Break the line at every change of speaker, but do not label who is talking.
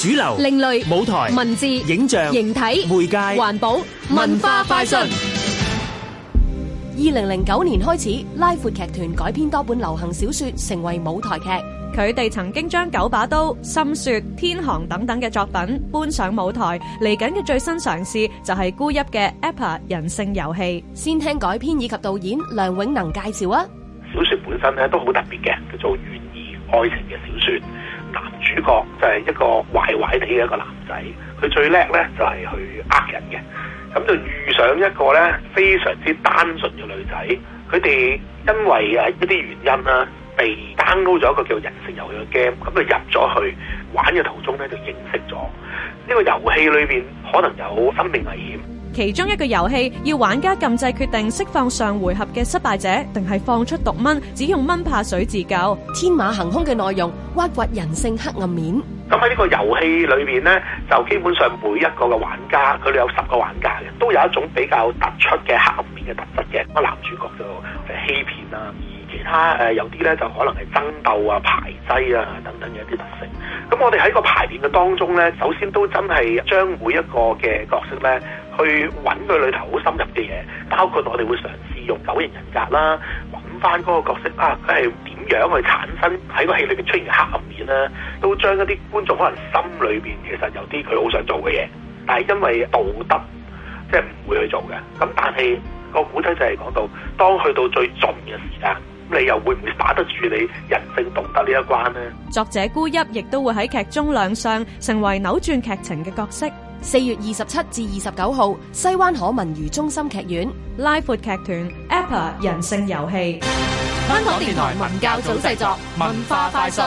主流、另類舞台、文字、影像、形體、媒介、環保、文化快訊。2009年開始，拉闊劇團改編多本流行小說，成為舞台劇。佢哋曾經將《九把刀》、《深雪》、《天航》等等嘅作品搬上舞台。嚟緊嘅最新嘗試就係孤泣嘅《APPER》人性遊戲。先聽改編以及導演梁永能介紹。啊，小
說本身呢都好特別嘅，叫做懸疑愛情嘅小說。男主角就係一個壞壞哋嘅一個男仔，佢最叻咧就係去呃人嘅，咁就遇上一個咧非常之單純嘅女仔，佢哋因為誒一啲原因啦、啊。被 download 咗一個叫人性遊戲嘅 game，咁佢入咗去玩嘅途中咧就認識咗呢個遊戲裏邊可能有生命危險。其中一
個遊戲要玩家禁制決定釋放上回合嘅失敗者，定係放出毒蚊，只用蚊怕水自救。天馬行空嘅內容挖掘人性黑暗面。
咁喺呢個遊戲裏邊咧，就基本上每一個嘅玩家，佢哋有十個玩家嘅，都有一種比較突出嘅黑暗面嘅特色嘅。個男主角就係欺騙啦。其他誒、呃、有啲咧就可能係爭鬥啊、排擠啊等等嘅一啲特色。咁我哋喺個排練嘅當中咧，首先都真係將每一個嘅角色咧，去揾佢裏頭好深入嘅嘢，包括我哋會嘗試用九型人格啦，揾翻嗰個角色啊，佢係點樣去產生喺個戲裏面出現黑暗面咧、啊，都將一啲觀眾可能心裏面其實有啲佢好想做嘅嘢，但係因為道德即係唔會去做嘅。咁但係、那個古仔就係講到，當去到最盡嘅時間。你又會唔會打得住你人性道德呢一關呢？
作者孤泣亦都會喺劇中亮相，成為扭轉劇情嘅角色。四月二十七至二十九號，西灣河文娛中心劇院，院，拉闊劇團《Apple 人性遊戲》。香港電台文教組製作，文化
快訊。